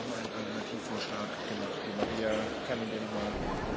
haben einen Alternativvorschlag gemacht, den wir kennen den mal.